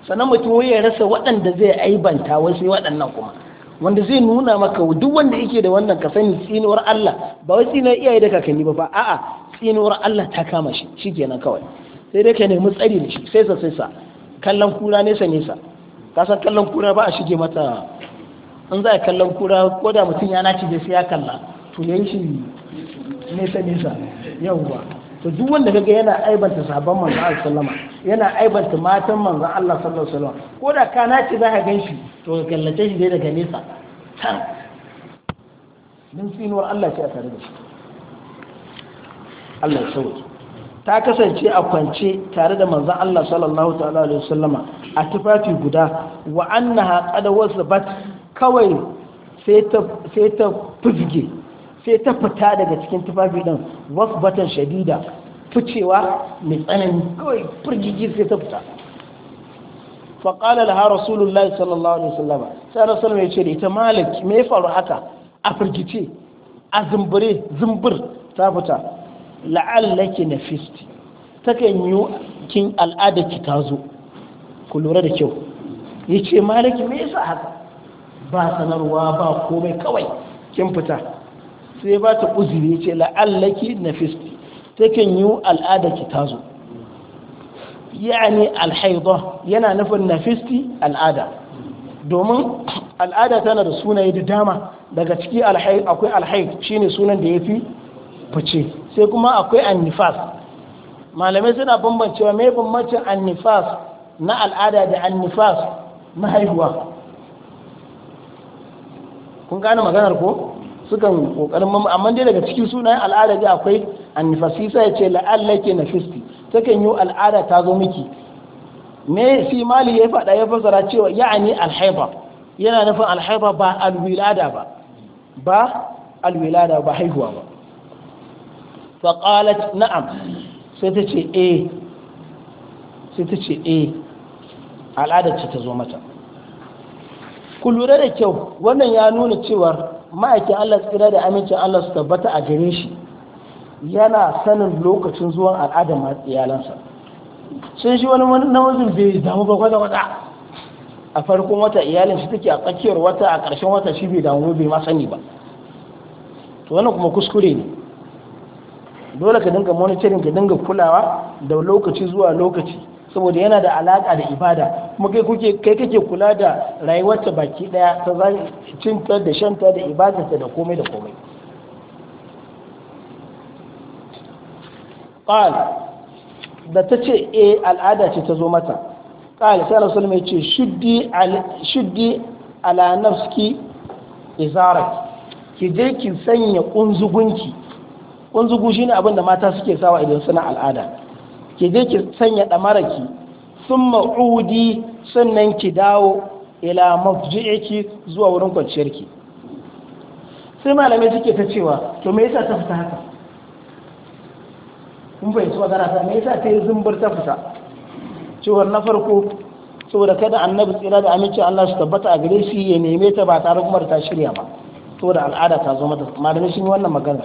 sannan mutum ya rasa waɗanda zai aibanta wasu waɗannan kuma wanda zai nuna maka duk wanda yake da wannan ka sani tsinuwar Allah ba wai tsinuwar iyaye da kakanni ba fa a'a tsinuwar Allah ta kama shi shikenan kawai sai dai ka nemi tsari da shi sai sa sai sa kallon kura nesa nesa ka san kallon kura ba a shige mata in za a kallon kura ko da mutum ya naci sai ya kalla to yayin shi nesa nesa yawwa to duk wanda kaga yana aibanta sahabban manzo Allah sallama yana aibanta matan manzo Allah sallallahu alaihi wasallam ko da ka nace za ka ganshi to ka kallace shi dai daga nesa tan dan tsinuwar Allah ce a tare da shi Allah ya sauke ta kasance a kwance tare da manzan Allah sallallahu ta'ala alaihi wasallama a tufafi guda wa annaha qad wasabat kawai sai ta sai ta fuzge sai ta fita daga cikin tufafi din wasbatan shadida ficewa mai tsanani kawai firgigi sai ta fita faƙalar ha rasulullahi sallallahu alaihi wasallama sai rasulun ya ce da ita malik me ya faru haka a firgice a zumbure zumbur ta fita la'allaki na fisti ta kan yi kin al'ada ki ta zo ku lura da kyau ya ce malik me sa haka ba sanarwa ba komai kawai kin fita sai ba ta uzuri ce la'allaki na ta kan yi al'ada ki tazo yani alhaidon yana nufin na fisti al'ada domin al'ada tana da sunaye da dama daga ciki akwai alhaid shine sunan da ya fi fice sai kuma akwai annifas malamai suna bambancewa mai bambancin annifas na al'ada da annifas na haihuwa kun gane maganar ko? sukan kokarin mamu amma dai daga cikin sunayen al'ada dai akwai annifasisa sai ce la'allake fisti takan yi al'ada ta zo miki me fi mali ya faɗa ya fasara cewa ya'ani alhaifa yana nufin alhaifa ba alwilada ba ba alwilada ba haihuwa ba faƙalat na'am sai ta ce eh sai ta ce eh al'ada ta zo mata ku lura da kyau wannan ya nuna cewar ma'aikin Allah tsira da amincin Allah su tabbata a gare shi yana sanin lokacin zuwan al'adar iyalansa sun shi wani namazin bai damu ba kwata-kwata a farkon wata iyalin shi take a tsakiyar wata a ƙarshen wata shi bai damu bai ma sani ba to wannan kuma kuskure ne dole ka dinga monitoring ka dinga kulawa da lokaci zuwa lokaci saboda yana da alaƙa da ibada kuma kai kuke kai kake kula da rayuwarta baki daya ta zan cinta da shanta da ibadarta da komai da komai qal da ta ce eh al'ada ce ta zo mata qal sai rasul mai ce shuddi al shuddi ala nafski izarak ki je ki sanya kunzugunki kunzugu shine abin da mata suke sawa idan suna al'ada ki je ki sanya ɗamaraki sun ma'udi sannan ki dawo ila mafji'iki zuwa wurin kwanciyarki sai malamai suke ta cewa to me yasa ta fita haka kun fahimci magana ta me yasa ta yi zumbur ta fita cewar na farko saboda kada annabi tsira da amince Allah su tabbata a gare shi ya neme ta ba tare kuma ta shirya ba da al'ada ta zo mata malamai shi wannan magana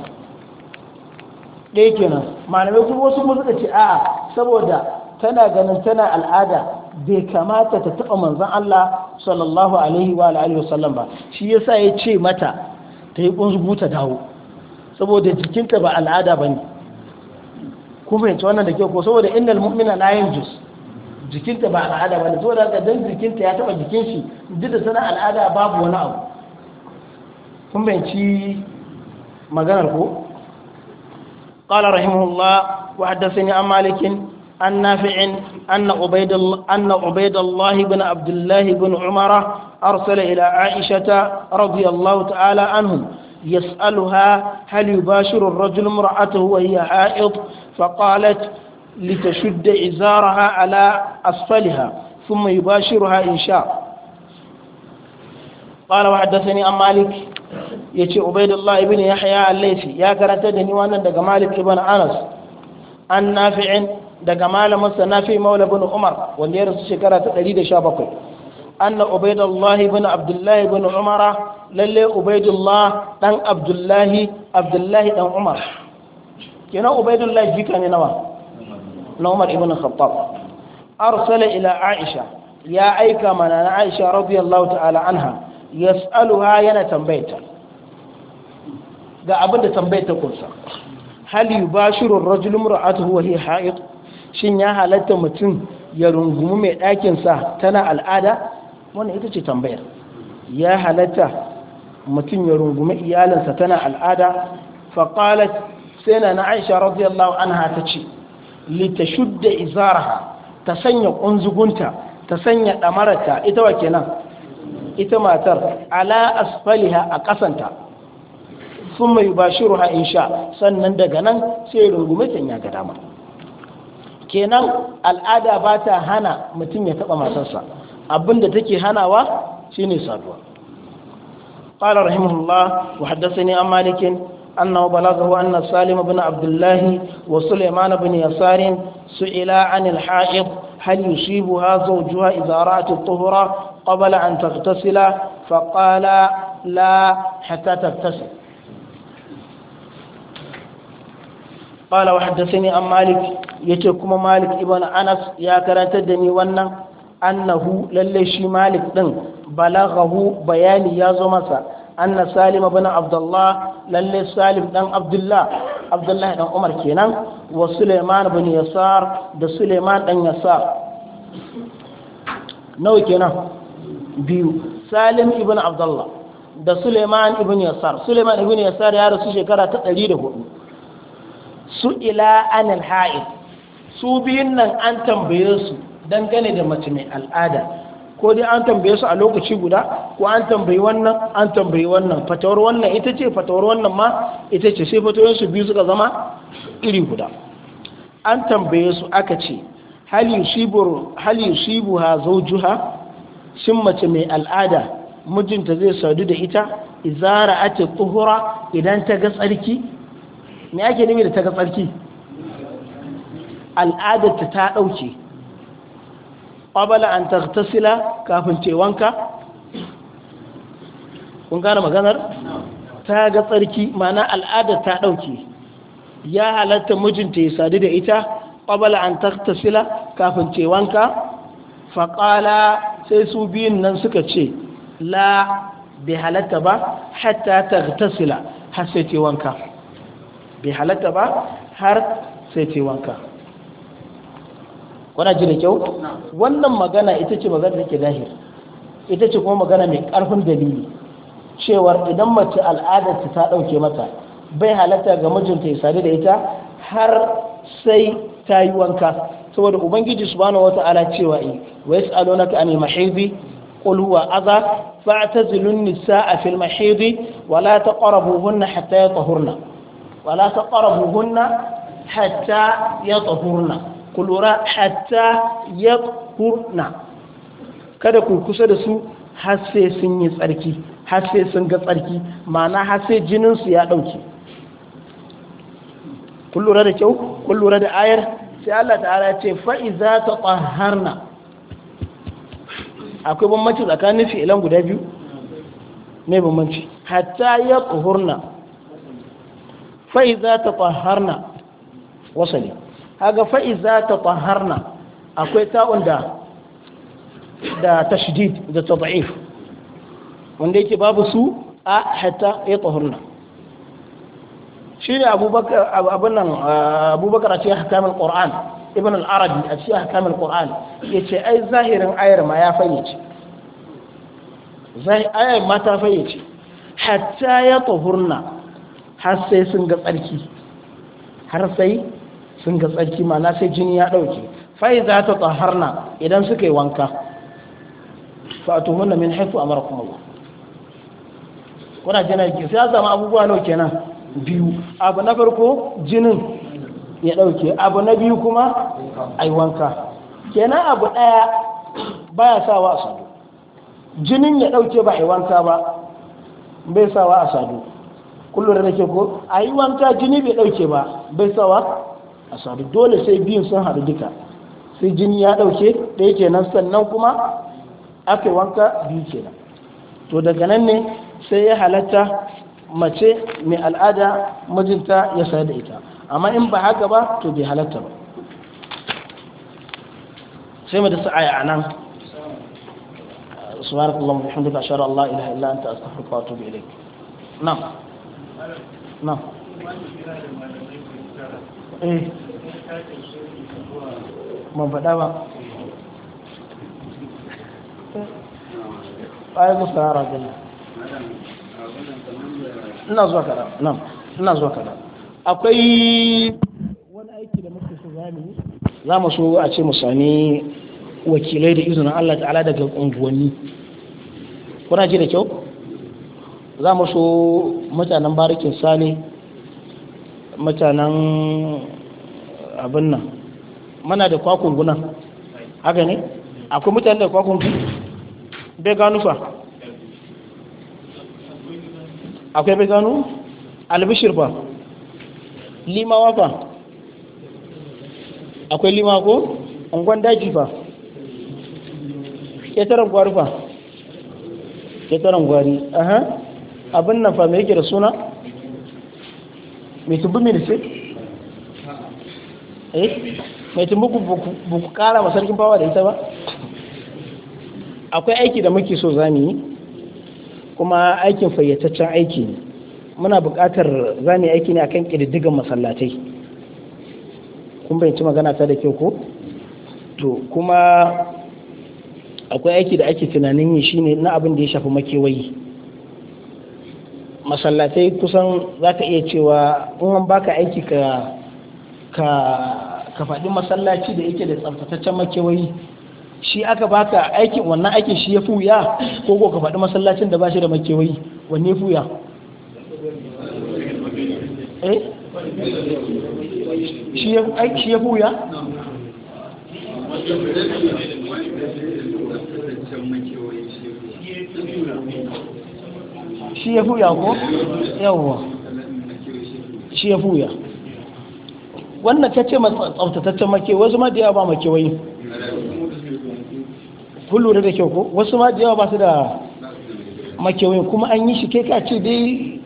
ɗaya kenan malamai kuma wasu kuma suka ce a'a saboda tana ganin tana al'ada bai kamata ta taɓa manzan Allah sallallahu alaihi wa alihi wasallam ba shi yasa ya ce mata ta yi ƙunsu buta dawo saboda jikinta ba al'ada ba ne kuma yanci wannan da ke ko saboda innal na yin jus jikinta ba al'ada ba ne saboda ga don jikinta ya taɓa jikin shi duk da tana al'ada babu wani abu kun yanci maganar ko قال رحمه الله وحدثني عن مالك عن نافع أن عبيد أن عبيد الله بن عبد الله بن عمر أرسل إلى عائشة رضي الله تعالى عنهم يسألها هل يباشر الرجل امرأته وهي حائض فقالت لتشد إزارها على أسفلها ثم يباشرها إن شاء قال وحدثني عن مالك yace ubaidullah ibn yahya al-laythi ya karanta da ni wannan daga malik ibn anas an nafi'in daga malamin sa nafi maula ibn umar wanda ya rasu shekara ta 117 anna ubaidullah ibn abdullah ibn umar lalle ubaidullah dan abdullah abdullah dan umar kenan ubaidullah jika ne nawa na umar ibn khattab arsala ila aisha ya aika mana na aisha radiyallahu ta'ala anha yas'aluha yana tambayta ga abin da tambayar ta kunsa Hali yubashiru ar-rajulu imra'atuhu wa ha'id shin ya halatta mutum ya rungumi mai ɗakin sa tana al'ada wannan ita ce tambayar ya halatta mutum ya rungumi iyalinsa tana al'ada faqalat sai na Aisha radiyallahu anha ta ce litashudda izaraha ta sanya kunzugunta ta sanya damarata ita wa kenan ita matar ala asfaliha a kasanta sun mai bashiruwa insha sannan daga nan sai rungume can ya ga dama kenan al'ada ba ta hana mutum ya taba matarsa abinda take hanawa shi ne saduwa ƙwarar rahimahullah wa haddasa ne an malikin annawa balazahu annar salim abin abdullahi wa suleiman abin yasarin su ila anil ha'ib hal yusibu ha zau juha izarati tuhura qabala an taqtasila faqala la hatta taqtasila قال وحدثني عن مالك kuma كما مالك ابن انس يا كرنت دني wannan annahu lalle shi malik din balaghahu bayani ya zo masa anna salim ibn abdullah lalle salim dan abdullah abdullah dan umar kenan wa suleiman ibn yasar da suleiman dan yasar nawa kenan biyu salim ibn abdullah da suleiman ibn yasar suleiman ibn yasar ya rasu shekara ta 104 su ila anil ha'id su biyun nan an tambaye su dangane da mace mai al'ada ko dai an tambaye su a lokaci guda ko an tambayi wannan an tambayi wannan fatawar wannan ita ce fatawar wannan ma ita ce sai fatawar su biyu suka zama iri guda an tambaye su aka ce hal yusibu ha zawjuha shin mace mai al'ada mijinta zai sadu da ita izara ati tuhura idan ta ga tsarki me ake nimi da ta tsarki al'adarta ta ɗauke ƙwabala an tasila kafin cewanka. kun gane maganar ta ga tsarki mana al'adar ta ɗauke ya halatta mijinta ya sadu da ita ƙwabala an tasila kafin cewanka faƙala sai su biyun nan suka ce la bai halatta ba hatta tasila har sai cewanka wanka bai halatta ba har sai ce wanka wana ji da kyau wannan magana ita ce magana take zahir ita ce kuma magana mai karfin dalili cewar idan mace al'adarta ta ɗauke mata bai halatta ga mijinta ya sadu da ita har sai ta yi wanka saboda ubangiji subhanahu wata'ala cewa yi wa yas'alunaka anil mahidi qul huwa adha fa'tazilun nisaa fil mahidi wa la taqrabuhunna hatta yatahurna wala ta ƙarabu hunna hatta ya tsahurna ku lura hatta ya tsahurna kada ku kusa da su har sai sun yi tsarki har sai sun ga tsarki ma'ana har sai jininsu ya ɗauki. kun lura da kyau kun lura da ayar sai Allah ta'ala ce fa'iza ta ƙwaharna akwai bambanci tsakanin fi'ilan guda biyu mai bambanci hatta ya ƙuhurna fa'iza ta taharna wasali haga fa'iza ta taharna akwai ta'un da da tashdid da tad'if wanda yake babu su a hatta ya tahurna shi ne abubakar abubakar a cikin hakamin ƙor'an ibn al-arabi a cikin hakamin ƙor'an ya ce ai zahirin ayar ma ya fayyace ayar ma ta fayyace hatta ya tahurna har sai sun ga tsarki har sai sun ga tsarki na sai jini ya ɗauke fa'i za ta tsaharna idan suka yi wanka hunna min haifu a kuma ba kuna jina ke sai ya zama abubuwa nau kenan biyu abu na farko jinin ya ɗauke abu na biyu kuma a yi wanka kenan abu ɗaya baya sawa a sadu jinin ya ɗauke ba a yi wanka ba bai sawa a sadu kullum da nake ko a yi wanka jini bai ɗauke ba bai sawa a sadu dole sai biyun sun haɗu duka sai jini ya ɗauke yake nan sannan kuma aka wanka biyu kenan to daga nan ne sai ya halatta mace mai al'ada mijinta ya sayar da ita amma in ba haka ba to bai halatta ba sai mu da sa'aya a nan anta astaghfiruka wa atubu ilayk na'am na eh ma ba ai musa ya ragin ina zuwa kada nan ina zuwa kada akwai wani aiki da muka so zamu za mu so a ce mu sami wakilai da izinin Allah ta'ala daga unguwanni kuna ji da kyau za mu so mutanen barikin sale mutanen abin nan mana da kwakun guna haka ne akwai mutane da kwakun bai gano fa akwai bai gano albishir fa limawa fa akwai limawa ko ungon daji fa ƙetaren gwari fa ƙetaren gwari aha abin nan fa me yake da suna mai tumbi mai eh mai tumbi buku kara ma sarkin bawa da ita ba akwai aiki da muke so zami yi kuma aikin fayyataccen aiki ne muna bukatar zami aiki ne akan kididdigan masallatai kun bayanci magana ta da kyau ko to kuma akwai aiki da ake tunanin yi shine na abin da ya shafi makewayi masallatai kusan za ka iya cewa in an baka aiki ka ka ka faɗi masallaci da yake da tsaftataccen makewayi shi aka baka aiki? wannan aikin shi ya fuya ko ko ka faɗi masallacin da ba shi da makewayi wanne fuya eh shi ya fuya shi ya fuya ko yawwa shi ya fuya wannan ta ce tsaftataccen make wasu ma da yawa ba makewayi wai lura da kyau ko wasu ma da yawa ba su da wai kuma an yi shi kai ka ce dai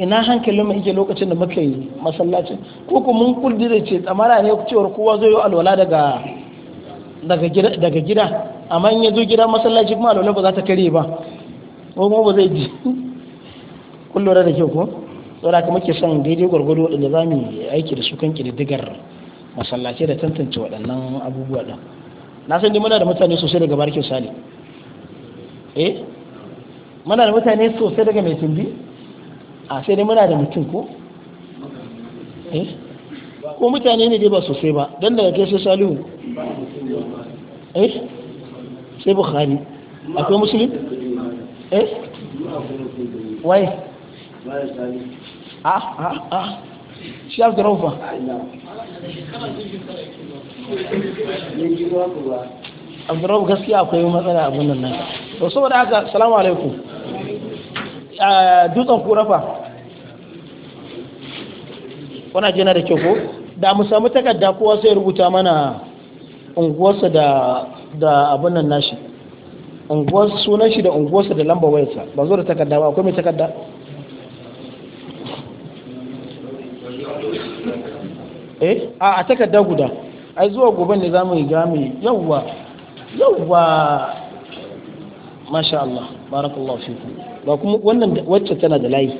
ina hankalin mai yake lokacin da muka yi masallacin ko kuma mun kuldi da ce tsamara ne cewar kowa zo yi alwala daga daga gida amma in ya zo gida masallaci kuma alwala ba za ta kare ba ko kuma ba zai ji kun lura da kyau ko saboda haka muke son daidai gwargwado waɗanda za mu yi aiki da su kan ƙididdigar masallaci da tantance waɗannan abubuwa ɗin na san dai muna da mutane sosai daga barkin sale eh muna da mutane sosai daga mai tumbi a sai dai muna da mutum ko eh ko mutane ne dai ba sosai ba don daga kai sai salihu eh sai bukhari akwai musulmi eh waye a ah, a ah, a ah. shi ya zara fa abdurrahman gaskiya akwai matsala abin nan nan to saboda haka salamu alaikum dutsen kurafa wana jina da kyau ko da mu samu takarda kowa sai rubuta mana unguwarsa da da abin nan nashi unguwar sunan shi da unguwarsa da lambar wayarsa ba zo da takarda ba akwai mai takarda eh a takarda guda ai zuwa gobe ne za mu yi gami yawwa yawwa masha Allah barakallahu fiku ba kuma wannan wacce tana da layi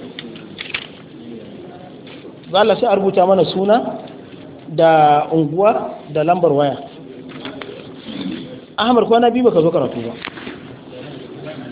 za Allah sai a rubuta mana suna da unguwa da lambar waya ahmar kwana biyu baka zo karatu ba